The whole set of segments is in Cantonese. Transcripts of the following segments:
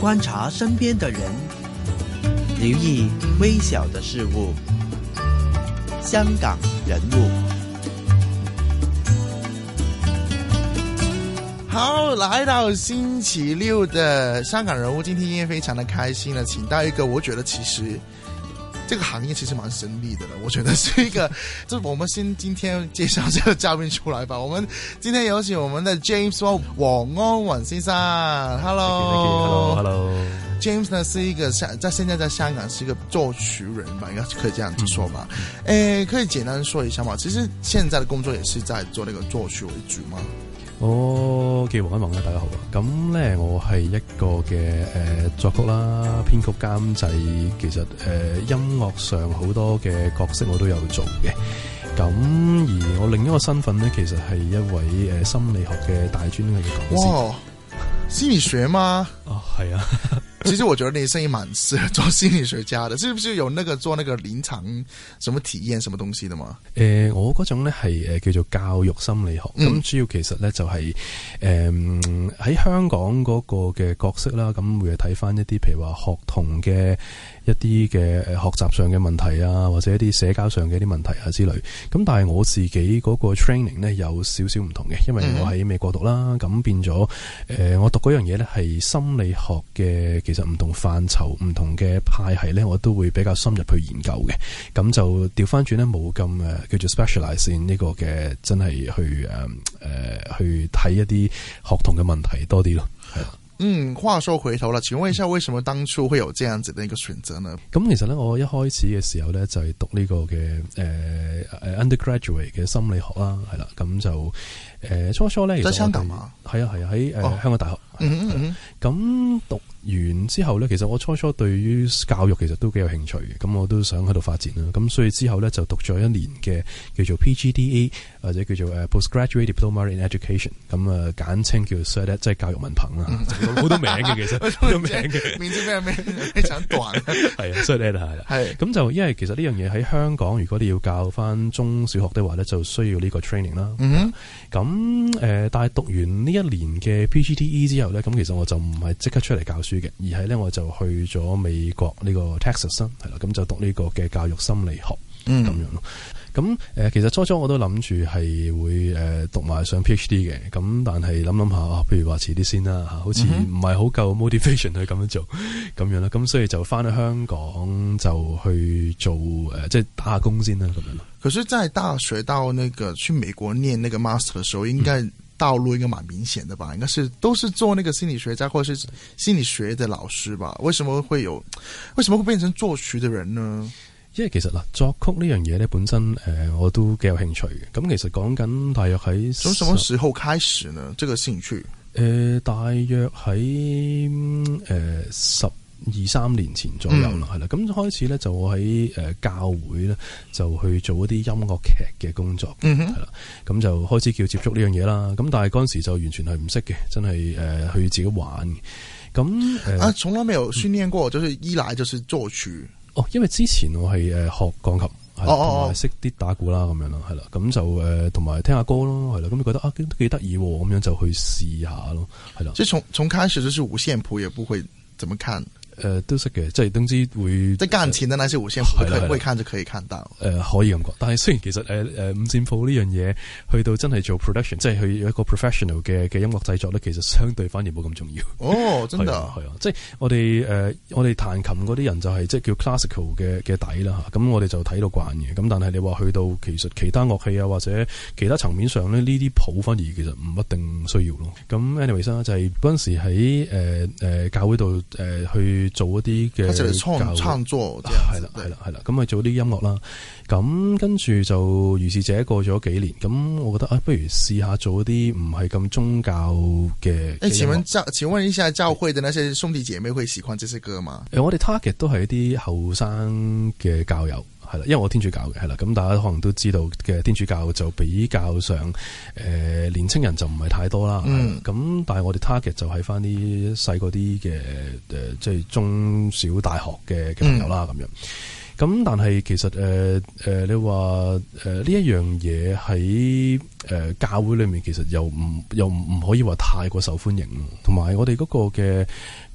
觀察身邊的人，留意微小的事物。香港人物，好，來到星期六的香港人物，今天因為非常的開心了，請到一個，我覺得其實。這個行業其實蠻神秘的了，我覺得是一個，就是我們先今天介紹這個嘉賓出來吧。我們今天有請我們的 James 王安云先生。Hello，Hello，Hello。James 呢是一個香，即現在在香港是一個作曲人吧，應該可以這樣子說吧。嗯、誒，可以簡單說一下嘛，其實現在的工作也是在做那個作曲為主嘛。我叫黃一文啊，大家好啊。咁、嗯、咧，我係一個嘅誒作曲啦、編曲監製，其實誒、呃、音樂上好多嘅角色我都有做嘅。咁而我另一個身份咧，其實係一位誒心理學嘅大專嘅講師。哇，心理學嗎？ 哦、啊，係啊。 其實我覺得你生意蠻適合做心理學家的，是不是有那個做那個臨床什麼體驗什麼東西的嘛？誒、呃，我嗰種呢係誒叫做教育心理學，咁、嗯、主要其實呢就係誒喺香港嗰個嘅角色啦，咁會睇翻一啲譬如話學童嘅。一啲嘅誒學習上嘅問題啊，或者一啲社交上嘅啲問題啊之類，咁但係我自己嗰個 training 呢，有少少唔同嘅，因為我喺美國讀啦，咁變咗誒我讀嗰樣嘢呢，係心理學嘅，其實唔同範疇，唔同嘅派系呢，我都會比較深入去研究嘅，咁就調翻轉呢，冇咁誒叫做 specialise in 呢個嘅真係去誒誒、呃、去睇一啲學童嘅問題多啲咯，係。嗯，話說回頭啦，請問一下，為什麼當初會有這樣子的一個選擇呢？咁、嗯、其實咧，我一開始嘅時候咧就係、是、讀呢個嘅誒誒、呃、undergraduate 嘅心理學啦，係啦，咁、嗯、就。嗯誒初初呢，香港大學係啊係啊，喺香港大學咁讀完之後呢，其實我初初對於教育其實都幾有興趣嘅，咁我都想喺度發展啦。咁所以之後呢，就讀咗一年嘅叫做 PGDA 或者叫做誒 Postgraduate Diploma in Education，咁啊簡稱叫做 cert，即係教育文憑啊，好多名嘅，其實好多名嘅，面知咩咩？一陣斷係啊 cert 係係咁，就因為其實呢樣嘢喺香港，如果你要教返中小學的話呢，就需要呢個 training 啦。咁。咁誒、嗯，但係讀完呢一年嘅 PGTE 之後呢，咁其實我就唔係即刻出嚟教書嘅，而係呢，我就去咗美國呢個 Texas 係啦，咁就讀呢個嘅教育心理學。嗯，咁樣咯。咁、呃、誒，其實初初我都諗住係會誒、呃、讀埋上 PhD 嘅。咁但係諗諗下啊，譬如話遲啲先啦吓，好似唔係好夠 motivation 去咁樣做，咁樣啦。咁所以就翻去香港就去做誒、呃，即係打下工先啦，咁樣咯。可是，在大學到那個去美國念那個 master 嘅時候，應該道路應該蠻明顯嘅吧？應該是都是做那個心理學家，或者是心理學嘅老師吧？為什麼會有？為什麼會變成作曲的人呢？因為其實嗱，作曲呢樣嘢咧，本身誒、呃、我都幾有興趣嘅。咁其實講緊大約喺從什麼時候開始呢？即、這個興趣誒、呃，大約喺誒十二三年前左右、嗯、啦，係啦。咁開始咧就喺誒教會咧就去做一啲音樂劇嘅工作，係、嗯、哼啦。咁就開始叫接觸呢樣嘢啦。咁但係嗰陣時就完全係唔識嘅，真係誒去自己玩。咁、嗯、啊，從來未有訓練過，嗯、就是依賴就是作曲。哦，因為之前我係誒學鋼琴，係同埋識啲打鼓啦，咁樣咯，係啦，咁就誒同埋聽下歌咯，係啦，咁你覺得啊都幾得意咁樣就去試下咯，係啦。即係從從開始就是五線譜也不會怎麼看。誒，都識嘅，即係總之會。即係鋼琴的那些五線譜，未看就可以看到。誒，可以咁講，但係雖然其實誒誒五線譜呢樣嘢，去到真係做 production，即係去一個 professional 嘅嘅音樂製作咧，其實相對反而冇咁重要。哦，真係。係啊，即係我哋誒我哋彈琴嗰啲人就係即係叫 classical 嘅嘅底啦吓，咁我哋就睇到慣嘅，咁但係你話去到其實其他樂器啊或者其他層面上咧，呢啲譜反而其實唔一定需要咯。咁 anyways 啦，就係嗰陣時喺誒誒教會度誒去。做一啲嘅教創作，係啦係啦係啦，咁啊 做啲音樂啦，咁、嗯、跟住就如是者過咗幾年，咁我覺得啊，不如試下做一啲唔係咁宗教嘅。誒，請問教，請問一下教會的那些兄弟姐妹會喜歡這些歌嗎？誒、 嗯呃，我哋 target 都係一啲後生嘅教友。係啦，因為我天主教嘅係啦，咁大家可能都知道嘅天主教就比較上誒、呃、年青人就唔係太多啦。咁、嗯、但係我哋 target 就係翻啲細嗰啲嘅誒，即係中小大學嘅嘅朋友啦，咁、嗯、樣。咁但係其實誒誒、呃呃、你話誒呢一樣嘢喺誒教會裡面，其實又唔又唔可以話太過受歡迎，同埋我哋嗰個嘅。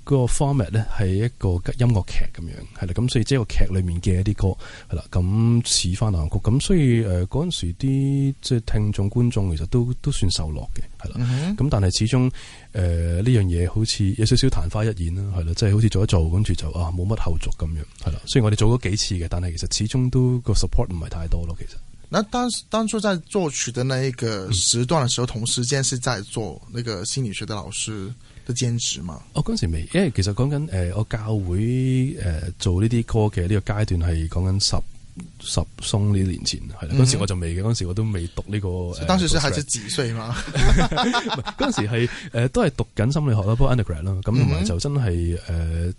個 format 咧係一個音樂劇咁樣，係啦，咁、嗯、所以即個劇裏面嘅一啲歌係啦，咁、嗯、似翻南曲，咁、嗯、所以誒嗰陣時啲即聽眾觀眾其實都都算受落嘅，係啦，咁、嗯、哼但係始終誒呢、呃、樣嘢好似有少少曇花一現啦，係啦，即、就、係、是、好似做一做，跟住就啊冇乜後續咁樣，係啦。雖然我哋做咗幾次嘅，但係其實始終都個 support 唔係太多咯，其實。嗱，當當初在作曲的那個時段嘅時候，嗯、同時間是在做呢個心理學的老師。兼職嘛？我嗰、哦、時未，因為其實講緊誒，我教會誒、呃、做呢啲歌嘅呢個階段係講緊十十鬆呢年前係啦，嗰、嗯、哼時我就未嘅，嗰時我都未讀呢、這個。呃、當時是還是幾歲嘛？嗰 時係誒、呃、都係讀緊心理學啦，不過 undergrad 啦、啊，咁同埋就真係誒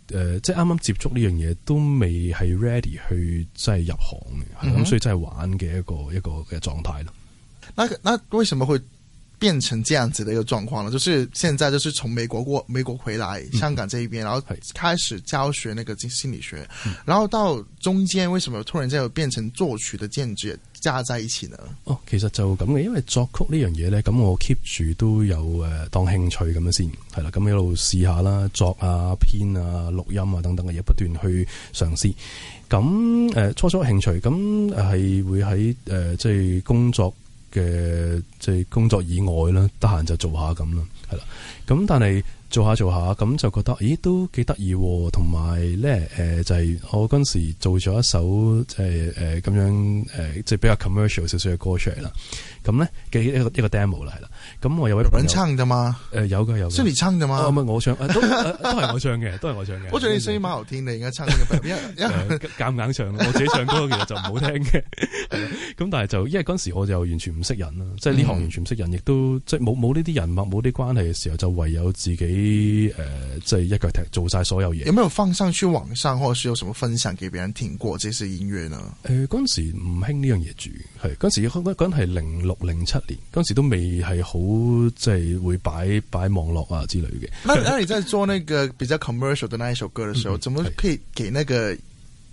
誒，即係啱啱接觸呢樣嘢都未係 ready 去即係入行嘅，咁、嗯、哼所以真係玩嘅一個一個嘅狀態咯。那那為什麼會？變成這樣子的一個狀況啦，就是現在就是從美國過美國回來香港這一邊，嗯、然後開始教學那個心理學，嗯、然後到中間為什麼突然間又變成作曲的兼職加在一起呢？哦，其實就咁嘅，因為作曲呢樣嘢咧，咁我 keep 住都有誒、呃、當興趣咁樣先，係啦，咁一路試下啦，作啊、編啊、錄音啊，錄音啊等等嘅嘢不斷去嘗試，咁誒、呃、初初興趣咁係會喺誒、呃呃、即係工作。嘅即係工作以外啦，得閒就做下咁啦，係啦，咁但係。做下做下咁就覺得，咦都幾得意喎！同埋咧，誒、呃、就係、是、我嗰陣時做咗一首，即係誒咁樣誒，即、呃、係、就是、比較 commercial 少少嘅歌出嚟啦。咁咧，嘅一個一個 demo 嚟啦。咁我有位有人唱嘅嘛？誒、呃、有嘅有。所以你唱嘅嘛？唔係、啊、我唱，啊、都、啊、都係我唱嘅，都係我唱嘅。 我最中意《馬路天》你而家唱嘅，因為因為夾硬唱 我自己唱歌其實就唔好聽嘅。係咁 但係就因為嗰陣時我就完全唔識人啦，即係呢行完全唔識人，亦都即係冇冇呢啲人物冇啲關係嘅時候，就唯有自己。啲誒即係一腳踢做晒所有嘢。有冇放上去網上，或者是有什麼分享畀別人聽過即係音樂呢？誒嗰陣時唔興呢樣嘢住，係嗰陣時嗰陣，係零六零七年，嗰陣時都未係好即係會擺擺網絡啊之類嘅。那你 在做那個比較 commercial 嘅那一首歌嘅時候， 怎麼可以給那個？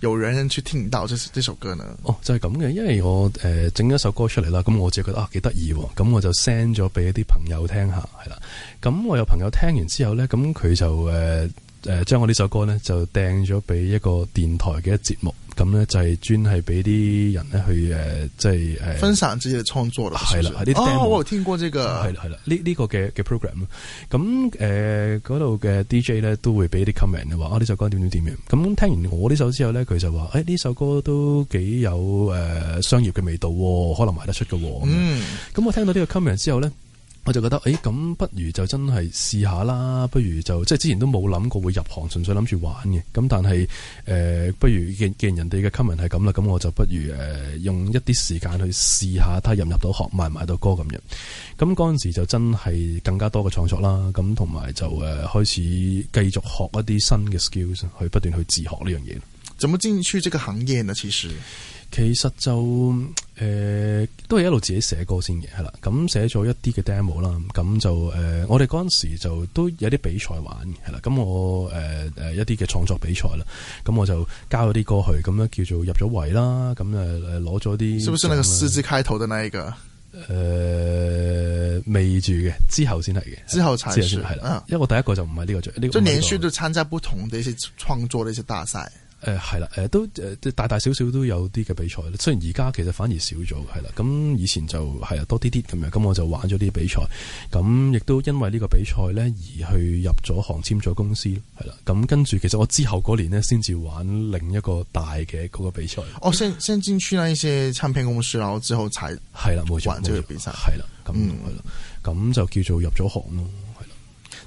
有人人去聽唔到呢首，首歌呢？哦，就係咁嘅，因為我誒整咗首歌出嚟啦。咁我自己覺得啊幾得意，咁我就 send 咗俾一啲朋友聽下係啦。咁我有朋友聽完之後呢，咁佢就誒誒將我呢首歌呢，就掟咗俾一個電台嘅一節目。咁咧就係專係俾啲人咧去誒、呃，即係誒、呃、分散自己嘅創作啦。係啦，係啲 demo，我聽過呢個係啦係啦呢呢個嘅嘅 program 啦。咁誒嗰度嘅 DJ 咧都會俾啲 comment 話啊呢首歌點點點樣。咁聽完我呢首之後咧，佢就話誒呢首歌都幾有誒、呃、商業嘅味道，可能賣得出嘅。嗯，咁我聽到呢個 comment 之後咧。我就覺得，誒，咁不如就真係試下啦，不如就即係之前都冇諗過會入行，純粹諗住玩嘅。咁但係，誒、呃，不如既、既然人哋嘅 comment 係咁啦，咁我就不如誒、呃、用一啲時間去試下，睇入唔入到行，賣唔賣到歌咁樣。咁嗰陣時就真係更加多嘅創作啦，咁同埋就誒、呃、開始繼續學一啲新嘅 skills 去不斷去自學呢樣嘢。怎麼進去這個行業呢？其實其實就誒、呃，都係一路自己寫歌先嘅，係啦。咁寫咗一啲嘅 demo 啦，咁、嗯、就誒、呃，我哋嗰陣時就都有啲比賽玩，係啦。咁我誒誒、呃、一啲嘅創作比賽啦，咁、嗯、我就交咗啲歌去，咁樣叫做入咗圍啦，咁誒誒攞咗啲。是不是那個四字開頭嘅那一個？誒、呃，未住嘅，之後先係嘅，之後先係啦。嗯、因為我第一個就唔係呢個最，呢個。就連續都參加不同的一些創作的一些大賽。誒係啦，誒、嗯、都誒、呃、大大小小都有啲嘅比賽啦，雖然而家其實反而少咗，係啦，咁以前就係啊多啲啲咁樣，咁我就玩咗啲比賽，咁亦都因為呢個比賽咧而去入咗行，簽咗公司，係啦，咁跟住其實我之後嗰年呢先至玩另一個大嘅嗰個比賽。哦，先先先進咗啲啲唱片公司啦，我之後踩係啦，冇錯，玩咗啲比賽，係啦，咁，係啦，咁、嗯、就叫做入咗行。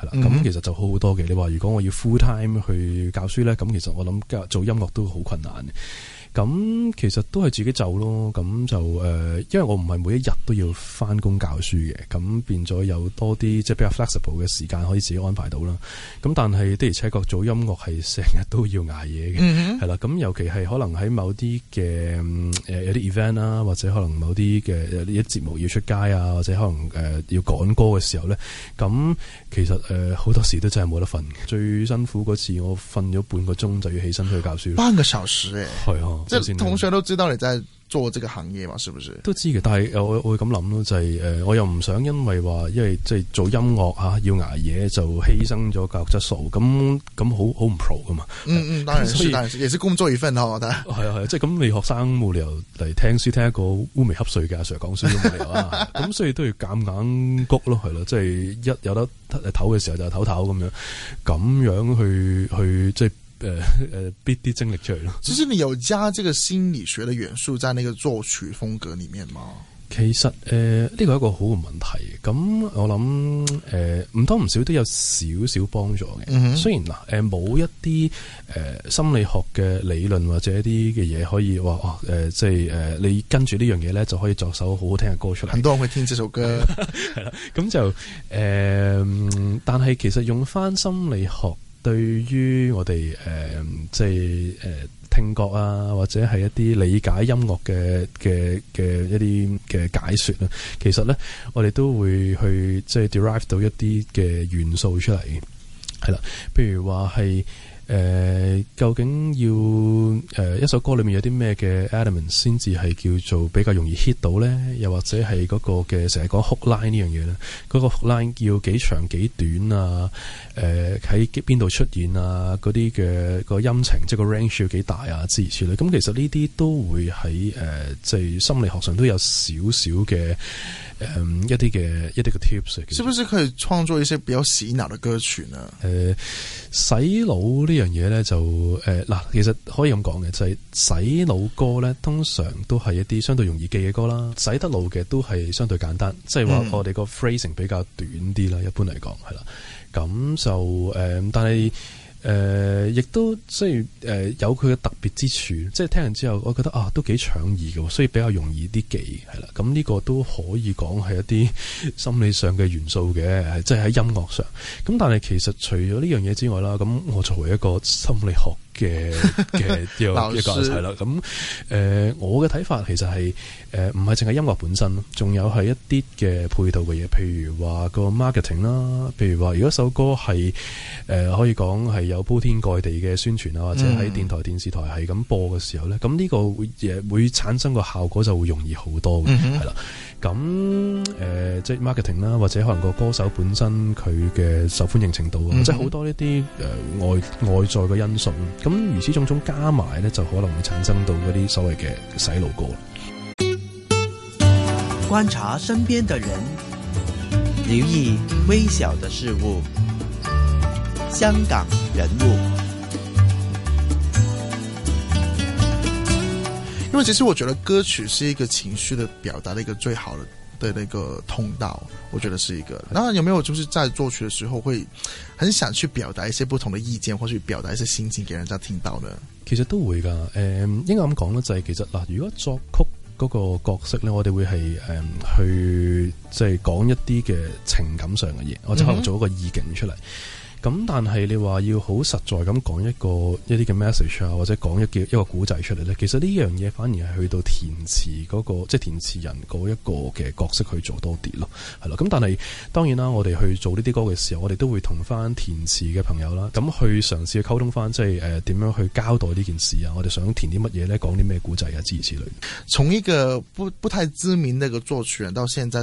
係啦，咁、嗯嗯、其實就好好多嘅。你話如果我要 full time 去教書咧，咁其實我諗做音樂都好困難嘅。咁其實都係自己走咯，咁就誒、呃，因為我唔係每一日都要翻工教書嘅，咁變咗有多啲即係比較 flexible 嘅時間可以自己安排到啦。咁但係的而且確做音樂係成日都要捱夜嘅，係啦、嗯哼。咁尤其係可能喺某啲嘅誒有啲 event 啦，或者可能某啲嘅有啲節目要出街啊，或者可能誒要趕歌嘅時候咧，咁其實誒好、呃、多時都真係冇得瞓。最辛苦嗰次我瞓咗半個鐘就要起身去教書，半個小時誒的，係啊。即係同學都知道你在做這個行業嘛，是不是？都知嘅，但係我我會咁諗咯，就係、是、誒、呃，我又唔想因為話，因為即係做音樂吓、啊、要捱夜就犧牲咗教育質素，咁咁好好唔 pro 噶嘛。嗯、呃、嗯，當然，以當然，也是工作一份咯。我覺得，係啊係啊，即係咁，你、嗯就是、學生冇理由嚟聽書聽一個烏眉瞌睡嘅阿 Sir 講書，咁 所以都要夾硬谷咯、啊，係啦，即、就、係、是、一有得唞嘅時候就唞唞咁樣，咁樣去去，去，去，去、就是、去，去即係。誒誒，逼啲 精力出嚟咯。其實你有加這個心理學嘅元素在那個作曲風格裏面嗎？其實誒，呢個係一個好嘅問題。咁我諗誒，唔多唔少都有少少幫助嘅。嗯、哼雖然嗱，誒、呃、冇一啲誒、呃、心理學嘅理論或者一啲嘅嘢可以話，誒、呃、即係誒、呃，你跟住呢樣嘢咧就可以作首好好聽嘅歌出嚟。很多人會聽這首歌係啦。咁 就誒、呃，但係其實用翻心理學。對於我哋誒、呃，即係誒、呃、聽覺啊，或者係一啲理解音樂嘅嘅嘅一啲嘅解説啦，其實咧，我哋都會去即係 derive 到一啲嘅元素出嚟，係啦，譬如話係。誒、呃、究竟要誒、呃、一首歌裏面有啲咩嘅 element 先至係叫做比較容易 hit 到咧？又或者係個嘅成日講 hook line 呢樣嘢咧？嗰、那個 hook line 要幾長幾短啊？誒喺邊度出現啊？啲嘅、那個音程即係個 range 要幾大啊？諸如此類，咁其實呢啲都會喺誒，即、呃、係、就是、心理學上都有少少嘅誒一啲嘅一啲嘅 tips。嘅，是不是可以創作一些比較洗腦嘅歌曲啊誒洗腦呢？呃呢樣嘢咧就誒嗱，其實可以咁講嘅就係、是、洗腦歌咧，通常都係一啲相對容易記嘅歌啦，洗得腦嘅都係相對簡單，即係話我哋個 phrasing 比較短啲啦，一般嚟講係啦，咁就誒，但係。誒、呃，亦都所以誒，有佢嘅特別之處，即係聽完之後，我覺得啊，都幾搶耳嘅，所以比較容易啲記係啦。咁呢、嗯這個都可以講係一啲心理上嘅元素嘅，即係喺音樂上。咁但係其實除咗呢樣嘢之外啦，咁我作為一個心理學。嘅嘅 師一個一個問題啦，咁誒、呃，我嘅睇法其實係，誒、呃，唔係淨係音樂本身咯，仲有係一啲嘅配套嘅嘢，譬如話個 marketing 啦，譬如話如果首歌係，誒、呃，可以講係有鋪天蓋地嘅宣傳啊，或者喺電台、電視台係咁播嘅時候咧，咁呢、嗯、個會，誒會產生個效果就會容易好多嘅，係啦、嗯哼，咁誒、呃，即係 marketing 啦，或者可能個歌手本身佢嘅受歡迎程度，即係好多呢啲誒，外、呃、外在嘅因素。咁如此種種加埋咧，就可能會產生到嗰啲所謂嘅洗腦歌。觀察身邊的人，留意微小的事物，香港人物。因為其實我覺得歌曲是一個情緒的表達嘅一個最好嘅。對呢、那個通道，我覺得是一個。當然的，有沒有就是在作曲嘅時候會很想去表達一些不同的意見，或者去表達一些心情給人家聽到呢？其實都會噶，誒、呃，應該咁講咧，就係其實嗱、呃，如果作曲嗰個角色呢，我哋會係誒、呃、去即係講一啲嘅情感上嘅嘢，我即係可能做一個意境出嚟。Mm hmm. 咁但係你話要好實在咁講一個一啲嘅 message 啊，或者講一叫一個古仔出嚟咧，其實呢樣嘢反而係去到填詞嗰個，即係填詞人嗰一個嘅角色去做多啲咯，係咯。咁但係當然啦，我哋去做呢啲歌嘅時候，我哋都會同翻填詞嘅朋友啦，咁去嘗試去溝通翻，即係誒點樣去交代呢件事啊？我哋想填啲乜嘢咧？講啲咩古仔啊？諸如此類。從一個不不太知名嘅個作曲人到現在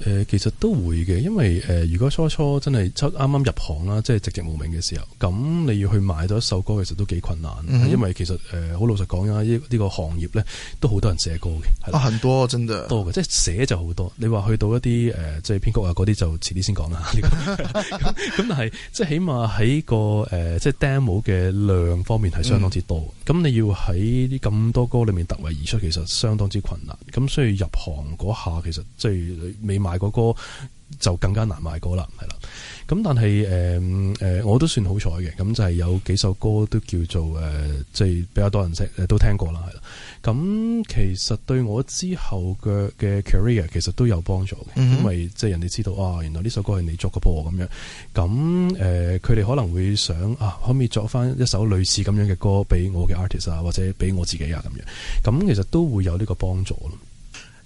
誒、呃、其實都會嘅，因為誒、呃、如果初初真係初啱啱入行啦，即係籍籍無名嘅時候，咁你要去買到一首歌其實都幾困難，嗯、哼因為其實誒好、呃、老實講啦，呢、這、呢個行業咧都好多人寫歌嘅。啊，很多真嘅，多嘅，即係寫就好多。你話去到一啲誒、呃、即係編曲啊嗰啲就遲啲先講啦。咁 但係即係起碼喺、這個誒、呃、即係 demo 嘅量方面係相當之多。咁、嗯、你要喺啲咁多歌裏面突圍而出，其實相當之困難。咁所以入行嗰下其實即係未賣個歌就更加難賣歌啦，係啦。咁但係誒誒，我都算好彩嘅。咁就係有幾首歌都叫做誒，即、呃、係、就是、比較多人識，都聽過啦，係啦。咁其實對我之後嘅嘅 career 其實都有幫助嘅，嗯、哼因為即係人哋知道哇、啊，原來呢首歌係你作嘅噃咁樣。咁、呃、誒，佢哋可能會想啊，可唔可以作翻一首類似咁樣嘅歌俾我嘅 artist 啊，或者俾我自己啊咁樣。咁其實都會有呢個幫助咯。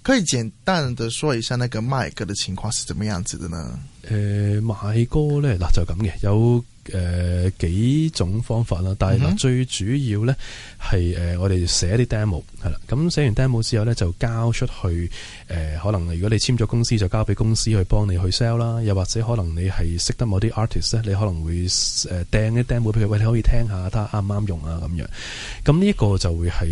可以簡單的說一下那個麥歌的情況是怎麼樣子的呢？誒、呃，麥哥咧，嗱就咁嘅，有。誒、呃，幾種方法啦，但係、嗯、最主要咧係誒，我哋寫啲 demo 係啦，咁寫完 demo 之後咧就交出去。誒、呃，可能如果你簽咗公司，就交俾公司去幫你去 sell 啦，又或者可能你係識得某啲 artist 咧，你可能會誒訂、呃、啲 demo，俾佢。喂，你可以聽下，睇下啱唔啱用啊，咁樣。咁呢一個就會係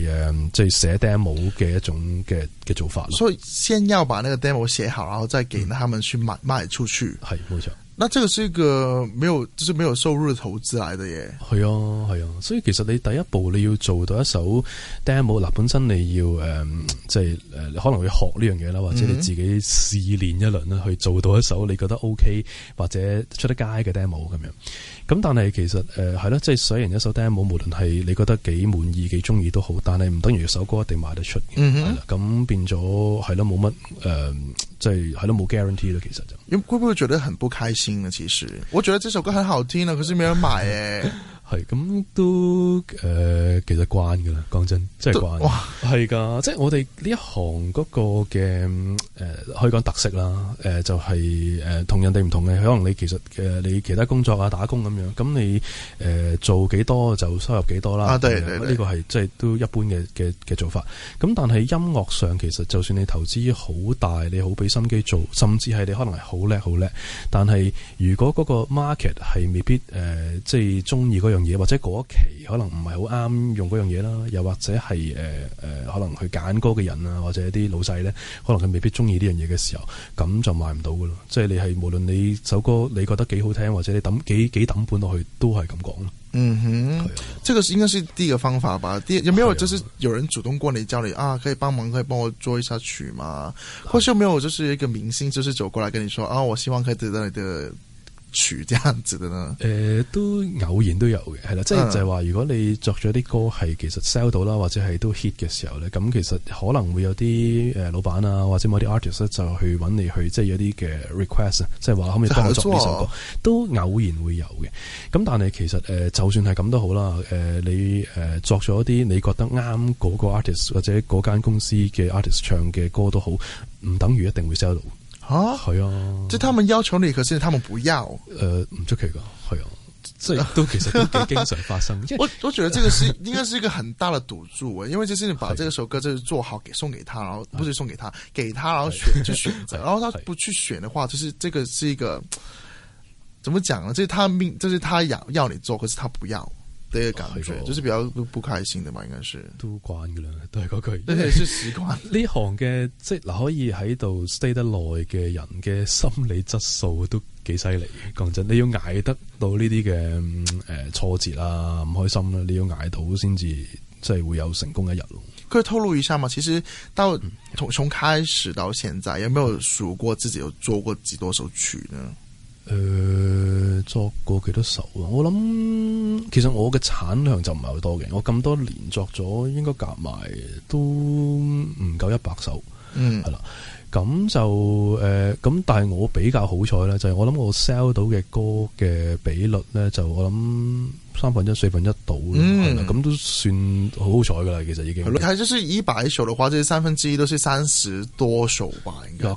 誒，即、呃、係寫、就是、demo 嘅一種嘅嘅做法。所以先要把呢個 demo 寫好，然後再給他們去買、嗯、賣出去。係冇錯。那這個是一個沒有，就是沒有收入投資來的嘢。係啊，係啊，所以其實你第一步你要做到一首 demo，嗱本身你要誒，即係誒，可能會學呢樣嘢啦，或者你自己試練一輪啦，去做到一首你覺得 OK 或者出得街嘅 demo 咁樣。咁但係其實誒係咯，即係寫完一首 demo，無論係你覺得幾滿意、幾中意都好，但係唔等於首歌一定賣得出嘅，係咁、嗯、哼變咗係咯，冇乜誒，即係係咯冇、呃就是、guarantee 咯。其實就會唔會覺得很不開心咧、啊？其實我覺得這首歌很好聽啦、啊，可是冇人買誒。 係咁都誒、呃，其實慣噶啦，講真，真係慣。係噶，即係我哋呢一行個嘅誒、呃，可以講特色啦。誒、呃，就係、是、誒，呃、人同人哋唔同嘅，可能你其實誒、呃，你其他工作啊，打工咁樣，咁你誒、呃、做幾多就收入幾多啦。呢個係即係都一般嘅嘅嘅做法。咁但係音樂上，其實就算你投資好大，你好俾心機做，甚至係你可能係好叻好叻，但係如果個 market 係未必誒、呃呃，即係中意樣。嘢或者嗰期可能唔係好啱用嗰樣嘢啦，又或者係誒誒，可能去揀歌嘅人啊，或者啲老細咧，可能佢未必中意呢樣嘢嘅時候，咁就賣唔到噶咯。即係你係無論你首歌你覺得幾好聽，或者你抌幾幾抌本落去，都係咁講咯。嗯哼，係啊，這個應該是第一個方法吧。第有沒有就是有人主動過你，叫你啊，可以幫忙，可以幫我做一下曲嘛？或者有沒有就是一個明星，就是走過嚟，跟你說啊，我希望可以得到你的。咁樣子啦，誒、呃、都偶然都有嘅，係啦，即係、嗯、就係話，如果你作咗啲歌係其實 sell 到啦，或者係都 hit 嘅時候咧，咁其實可能會有啲誒老闆啊，或者某啲 artist 咧，就去揾你去即係有啲嘅 request，即係話可唔可以幫我作呢首歌，嗯、都偶然會有嘅。咁但係其實誒，就算係咁都好啦，誒你誒作咗啲你覺得啱嗰個 artist 或者嗰間公司嘅 artist 唱嘅歌都好，唔等於一定會 sell 到。蛤啊，係啊，即係他們要求你，可是他們不要。呃，唔出奇嘅，係啊，即係都其實都經常發生。 我我覺得這個是應該是一個很大的賭注，因為就是你把這首歌就是做好，給送給他，然後是的不是送給他，給他，然後選的就選擇，然後他不去選的話，就是這個是一個，怎麼講呢？這、就是他命，這、就是他要要你做，可是他不要。啲嘅感覺，啊、是就是比較不開心的嘛，應該是都慣噶啦，都係嗰句，都係是習慣。呢 行嘅即係嗱，可以喺度 stay 得耐嘅人嘅心理質素都幾犀利。講真、嗯呃啊，你要捱得到呢啲嘅誒挫折啦，唔開心啦，你要捱到先至即係會有成功一日咯。可以透露一下嘛，其實到從從開始到現在，有冇有數過自己有做過幾多首曲呢？誒、呃，作過幾多首啊？我諗，其實我嘅產量就唔係好多嘅。我咁多年作咗，應該夾埋都唔夠一百首。係啦、嗯。咁就誒，咁、呃、但係我比較好彩咧，就係、是、我諗我 sell 到嘅歌嘅比率咧，就我諗三分一、四分一到。咁都算好好彩噶啦，其實已經。係咯、嗯，其實所以一百首嘅話，即係三分之一都係三十多首吧，應該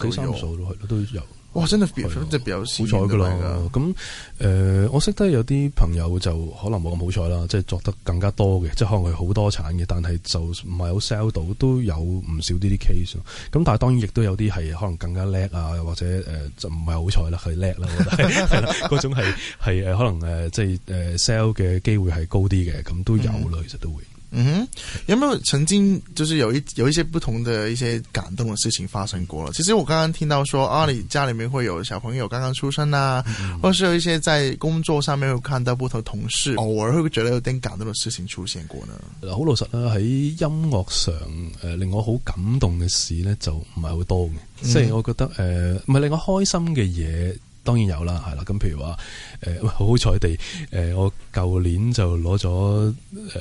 都有。哇！真係比，的真係比較有市。好彩㗎啦！咁誒、呃，我識得有啲朋友就可能冇咁好彩啦，即係作得更加多嘅，即係可能佢好多產嘅，但係就唔係好 sell 到，都有唔少呢啲 case。咁但係當然亦都有啲係可能更加叻啊，或者誒、呃、就唔係好彩啦，係叻啦，係啦，嗰 種係係可能誒、呃、即係誒 sell 嘅機會係高啲嘅，咁都有啦，其實都會。嗯哼，有冇曾經就是有一有一些不同的一些感動的事情發生過？其實我剛剛聽到說，啊，你家裏面會有小朋友剛剛出生啊，嗯、或是有一些在工作上面會看到不同同事，偶爾會覺得有點感動的事情出現過呢。好、嗯、老實啦，喺音樂上誒、呃，令我好感動嘅事呢，就唔係好多嘅，即、就、係、是、我覺得誒，唔、呃、係令我開心嘅嘢。當然有啦，係啦，咁譬如話，誒、呃，好彩地，誒、呃，我舊年就攞咗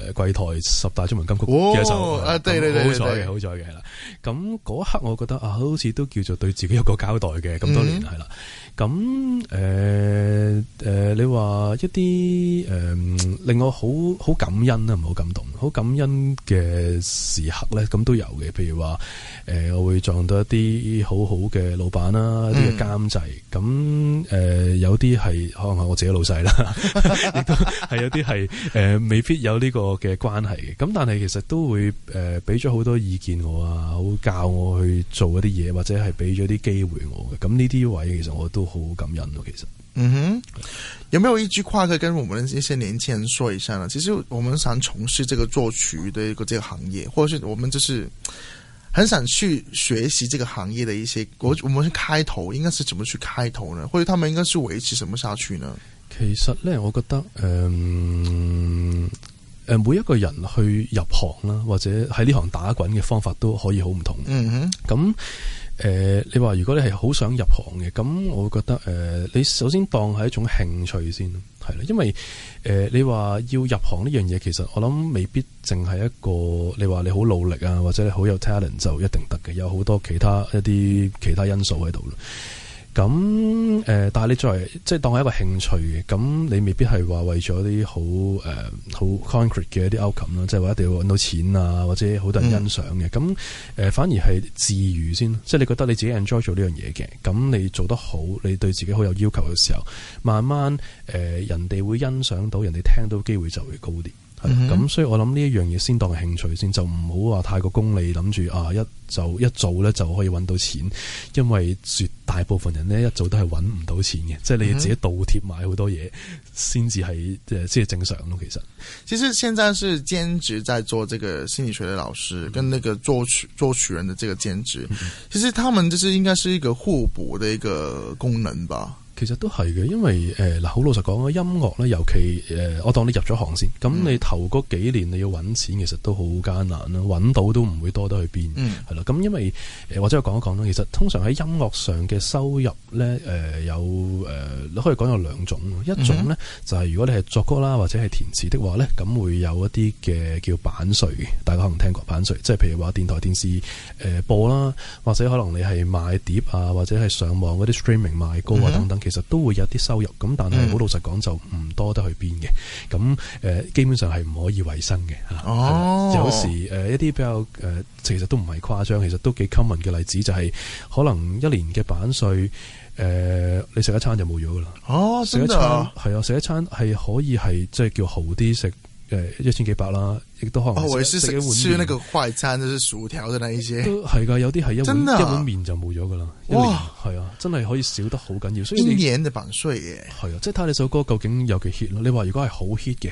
誒，桂、呃、台十大中文金曲嘅一首，哦、樣啊，對對對，好彩嘅，對對對，好彩嘅，係啦，咁嗰刻我覺得啊，好似都叫做對自己有個交代嘅，咁多年係、嗯、啦。咁誒誒，你話一啲誒、呃、令我好好感恩啊，唔好感動，好感恩嘅時刻咧，咁都有嘅。譬如話誒、呃，我會撞到一啲好好嘅老闆啦，啲監製。咁誒、嗯呃、有啲係可能係我自己老細啦，亦 都係有啲係誒未必有呢個嘅關係嘅。咁但係其實都會誒俾咗好多意見我啊，好教我去做一啲嘢，或者係俾咗啲機會我嘅。咁呢啲位其實我都。好感人咯，其實，嗯哼，有沒有一句話可以跟我們一些年輕人說一下呢？其實我們想從事這個作曲的一個這個行業，或者是我們就是很想去學習這個行業的一些我我們開頭應該是怎麼去開頭呢？或者他們應該是維持什麼下去呢？其實呢，我覺得，嗯、呃，誒、呃，每一個人去入行啦，或者喺呢行打滾嘅方法都可以好唔同，嗯哼，咁。誒、呃，你話如果你係好想入行嘅，咁我覺得誒、呃，你首先當係一種興趣先，係啦，因為誒、呃，你話要入行呢樣嘢，其實我諗未必淨係一個，你話你好努力啊，或者你好有 talent 就一定得嘅，有好多其他一啲其他因素喺度咯。咁誒、呃，但係你作為即係當係一個興趣嘅，咁你未必係話為咗啲好誒好 concrete 嘅一啲 outcome 啦，即係話一定要揾到錢啊，或者好多人欣賞嘅。咁誒、嗯呃，反而係自娛先，即係你覺得你自己 enjoy 做呢樣嘢嘅，咁你做得好，你對自己好有要求嘅時候，慢慢誒、呃、人哋會欣賞到，人哋聽到機會就會高啲。咁、嗯 啊、所以我諗呢一樣嘢先當興趣先，就唔好話太過功利，諗住啊一就一做咧就可以揾到錢，因為絕大部分人呢，一做都係揾唔到錢嘅，即係你自己倒貼買好多嘢先至係即係正常咯。其實其實現在是兼職在做這個心理學的老師，跟那個作曲作曲人的這個兼職，嗯、哼 其實他們就是應該是一個互補的一個功能吧。其實都係嘅，因為誒嗱，好、呃、老實講啊，音樂咧，尤其誒、呃，我當你入咗行先，咁、嗯、你頭嗰幾年你要揾錢，其實都好艱難啦，揾到都唔會多得去邊，係啦、嗯。咁、嗯嗯、因為誒，或、呃、者我講一講啦，其實通常喺音樂上嘅收入咧，誒、呃、有誒、呃、可以講有兩種，一種咧、嗯、哼就係如果你係作歌啦或者係填詞的話咧，咁會有一啲嘅叫版稅，大家可能聽過版稅，即係譬如話電台電視誒播啦，或者可能你係賣碟啊，或者係上網嗰啲 streaming 賣歌啊等等。嗯。其實都會有啲收入，咁但係好、嗯、老實講就唔多得去邊嘅。咁誒、呃、基本上係唔可以維生嘅。哦，有時誒、呃、一啲比較誒、呃，其實都唔係誇張，其實都幾 common 嘅例子就係、是、可能一年嘅版稅誒、呃，你食一餐就冇咗噶啦。哦，真係啊，食一餐，係啊，食一餐係可以係即係叫好啲食。誒、嗯，一千幾百啦，亦都可能食一碗麵。哦，我係食食食那個快餐，就是薯條的那一些。都係噶，有啲係一碗的一碗麵就冇咗噶啦。哇，係啊，真係可以少得好緊要。所以一年的版稅嘅。係啊，即係睇下你首歌究竟有幾 hit 咯？你話，如果係好 hit 嘅，誒、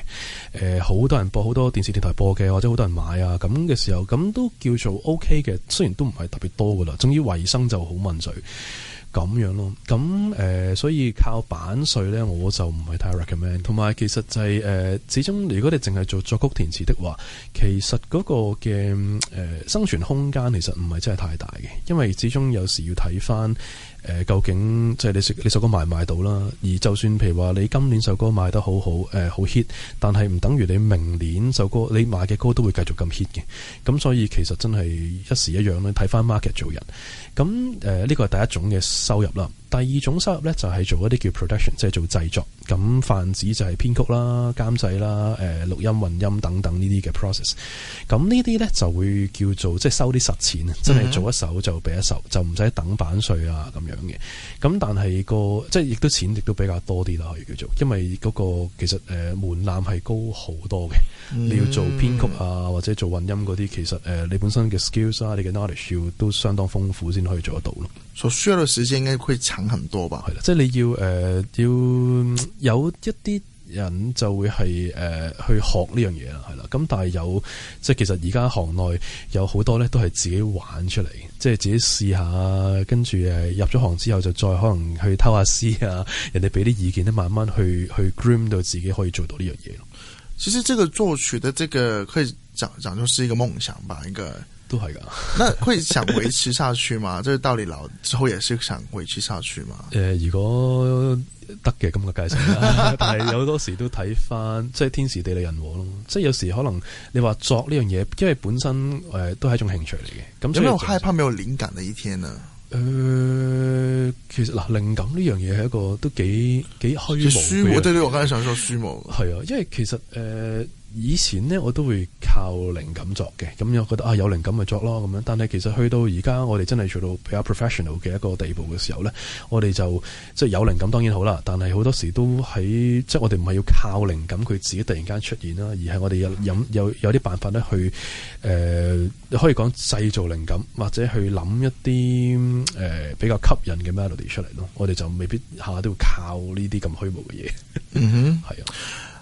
呃，好多人播，好多電視電台播嘅，或者好多人買啊，咁嘅時候，咁都叫做 OK 嘅。雖然都唔係特別多噶啦，仲要衛生就好問水。咁樣咯，咁誒、呃，所以靠版稅咧，我就唔係太 recommend。同埋其實就係、是、誒、呃，始終如果你淨係做作曲填詞的話，其實嗰個嘅誒、呃、生存空間其實唔係真係太大嘅，因為始終有時要睇返。誒究竟即係你首你首歌賣唔賣到啦？而就算譬如話你今年首歌賣得好好，誒、呃、好 hit，但係唔等於你明年首歌你賣嘅歌都會繼續咁 hit 嘅。咁所以其實真係一時一樣咯，睇返 market 做人。咁誒呢個係第一種嘅收入啦。第二種收入呢，就係、是、做一啲叫 production，即係做製作。咁泛指就係編曲啦、監製啦、誒、呃、錄音混音等等呢啲嘅 process。咁呢啲呢，就會叫做即係、就是、收啲實錢真係做一首就俾一首，就唔使等版稅啊咁樣。嘅，咁但係個即係亦都錢亦都比較多啲啦，可以叫做，因為嗰個其實誒、呃、門檻係高好多嘅，嗯、你要做編曲啊或者做混音嗰啲，其實誒、呃、你本身嘅 skills 啊，你嘅 knowledge 要都相當豐富先可以做得到咯。所需要嘅時間應該會長很多吧？係啦，即係你要誒、呃、要有一啲。人就會係誒、呃、去學呢樣嘢啦，係啦。咁但係有即係其實而家行內有好多咧，都係自己玩出嚟，即係自己試下，跟住誒入咗行之後就再可能去偷下師啊，人哋俾啲意見咧，慢慢去去 groom 到自己可以做到呢樣嘢咯。其實這個作曲的這個可以講講，就係一個夢想吧，一個。都係噶，那會想維持下去嘛，即係到你老之後也是想維持下去嘛。誒，如果得嘅咁嘅介紹，但係有好多時都睇翻，即係天時地利人和咯。即係有時可能你話作呢樣嘢，因為本身誒、呃、都係一種興趣嚟嘅。咁有冇害怕沒有靈感的一天啊？誒、呃，其實嗱，靈、呃、感呢樣嘢係一個都幾幾虛無，無。對對，我剛才想說虛無。係啊，因為其實誒。呃以前呢，我都會靠靈感作嘅，咁又覺得啊有靈感咪作咯咁樣。但係其實去到而家，我哋真係做到比較 professional 嘅一個地步嘅時候咧，我哋就即係、就是、有靈感當然好啦。但係好多時都喺即係我哋唔係要靠靈感佢自己突然間出現啦，而係我哋有有有啲辦法咧去誒、呃，可以講製造靈感，或者去諗一啲誒、呃、比較吸引嘅 melody 出嚟咯。我哋就未必下下、啊、都要靠呢啲咁虛無嘅嘢。嗯、mm hmm. 係啊。